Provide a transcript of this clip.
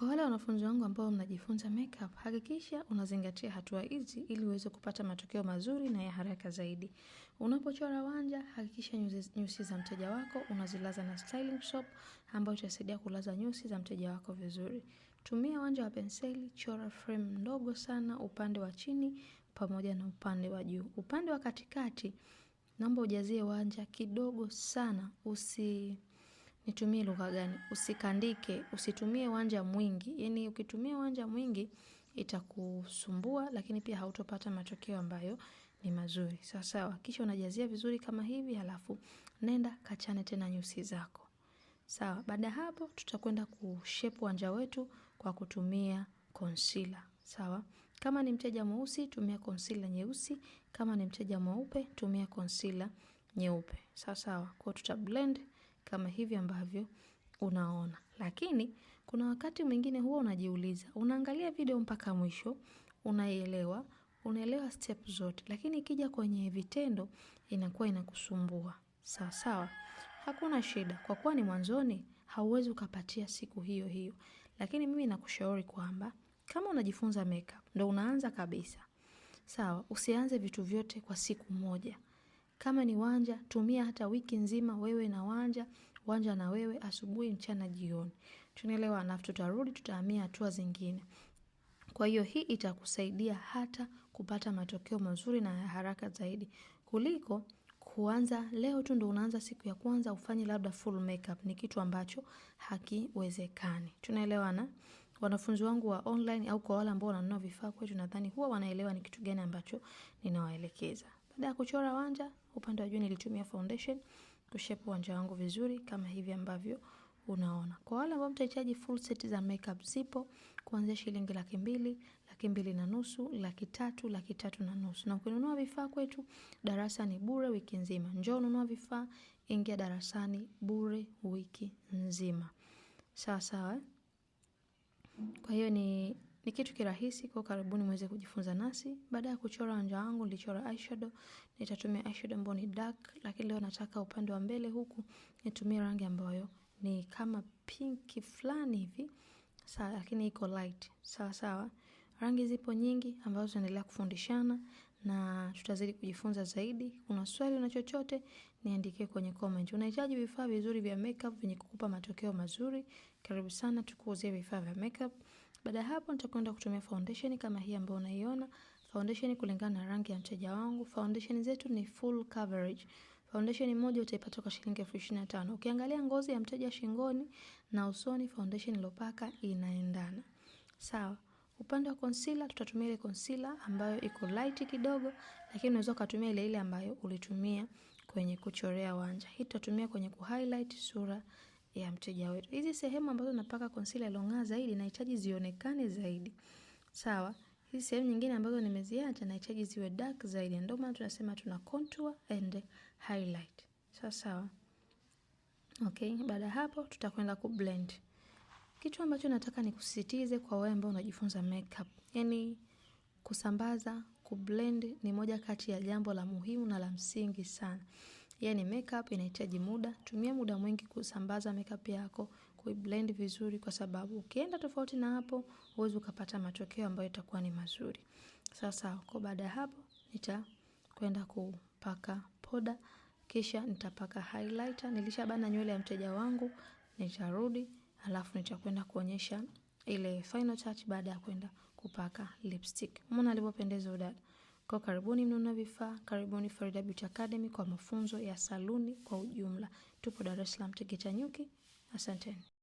Kwa wale wanafunzi wangu ambao mnajifunza makeup, hakikisha unazingatia hatua hizi ili uweze kupata matokeo mazuri na ya haraka zaidi. Unapochora wanja, hakikisha nyusi za mteja wako unazilaza na styling shop ambayo itasaidia kulaza nyusi za mteja wako vizuri. Tumia wanja wa penseli, chora frame ndogo sana upande wa chini pamoja na upande wa juu. Upande wa katikati, naomba ujazie wanja kidogo sana usi nitumie lugha gani, usikandike, usitumie wanja mwingi. Yani ukitumia wanja mwingi itakusumbua, lakini pia hautopata matokeo ambayo ni mazuri. Sawa sawa, kisha unajazia vizuri kama hivi, halafu nenda kachane tena nyusi zako. Sawa, baada ya hapo tutakwenda kushepu wanja wetu kwa kutumia concealer. Sawa, kama ni mteja mweusi tumia concealer nyeusi, kama ni mteja mweupe tumia concealer nyeupe. Sawa sawa, kwa tuta blend kama hivi ambavyo unaona. Lakini kuna wakati mwingine huwa unajiuliza, unaangalia video mpaka mwisho, unaielewa, unaelewa step zote, lakini ikija kwenye vitendo inakuwa inakusumbua. Sawa sawa, hakuna shida, kwa kuwa ni mwanzoni, hauwezi ukapatia siku hiyo hiyo, lakini mimi nakushauri kwamba kama unajifunza makeup ndo unaanza kabisa, sawa, usianze vitu vyote kwa siku moja. Kama ni wanja, tumia hata wiki nzima, wewe na wanja, wanja na wewe, asubuhi, mchana, jioni. Tunaelewa, alafu tutarudi, tutahamia hatua zingine. Kwa hiyo hii itakusaidia hata kupata matokeo mazuri na ya haraka zaidi kuliko kuanza leo tu ndo unaanza siku ya kwanza ufanye labda full makeup. Ni kitu ambacho hakiwezekani. Tunaelewana? Wanafunzi wangu wa online au kwa wale ambao wananunua vifaa kwetu nadhani huwa wanaelewa ni kitu gani ambacho ninawaelekeza. Baada ya kuchora wanja, upande wa juu nilitumia foundation kushape wanja wangu vizuri kama hivi ambavyo unaona. Kwa wale ambao mtahitaji full set za makeup zipo kuanzia shilingi laki mbili, laki mbili na nusu, laki tatu, laki tatu na nusu. Na ukinunua vifaa kwetu, darasa ni bure wiki nzima. Njoo ununua vifaa, ingia darasani bure wiki nzima. Sawa sawa. Eh? Kwa hiyo ni ni kitu kirahisi, kwa karibuni mweze kujifunza nasi. Baada ya kuchora wanja wangu, nilichora eyeshadow, nitatumia eyeshadow ambayo ni dark, lakini leo nataka upande wa mbele huku nitumie rangi ambayo ni kama pinki fulani hivi, sawa, lakini iko light, sawa sawa. Rangi zipo nyingi ambazo tunaendelea kufundishana na tutazidi kujifunza zaidi. Kuna swali na chochote niandikie kwenye comment. Unahitaji vifaa vizuri vya makeup vyenye kukupa matokeo mazuri? Karibu sana tukuuzie vifaa vya makeup. Baada ya hapo nitakwenda kutumia foundation kama hii ambayo unaiona foundation kulingana na rangi ya mteja wangu. Foundation zetu ni full coverage. Foundation moja utaipata kwa shilingi elfu ishirini na tano. Ukiangalia ngozi ya mteja shingoni na usoni, foundation iliyopaka inaendana sawa. Upande wa concealer tutatumia ile concealer ambayo iko light kidogo, lakini unaweza ukatumia ile ile ambayo ulitumia kwenye kuchorea wanja. Hii tutatumia kwenye kuhighlight sura ya mteja wetu. Hizi sehemu ambazo napaka concealer ilong'aa zaidi nahitaji zionekane zaidi. Sawa? Hizi sehemu nyingine ambazo nimeziacha nahitaji ziwe dark zaidi. Ndio maana tunasema tuna contour and highlight. Sawa sawa. Okay, baada hapo tutakwenda ku blend. Kitu ambacho nataka nikusisitize kwa wewe ambao unajifunza makeup. Yaani kusambaza, ku blend ni moja kati ya jambo la muhimu na la msingi sana yani makeup inahitaji muda. Tumia muda mwingi kusambaza makeup yako, kuiblend vizuri kwa sababu ukienda tofauti na hapo huwezi ukapata matokeo ambayo itakuwa ni mazuri. Sasa kwa baada ya hapo nitakwenda kupaka poda, kisha nitapaka highlighter. Nilishabana nywele ya mteja wangu, nitarudi alafu nitakwenda kuonyesha ile final touch baada ya kwenda kupaka lipstick. Umeona alivyopendeza udada. Kwa karibuni mnunua vifaa, karibuni Farida Beauty Academy kwa mafunzo ya saluni kwa ujumla. Tupo Dar es Salaam Tegeta Nyuki. Asanteni.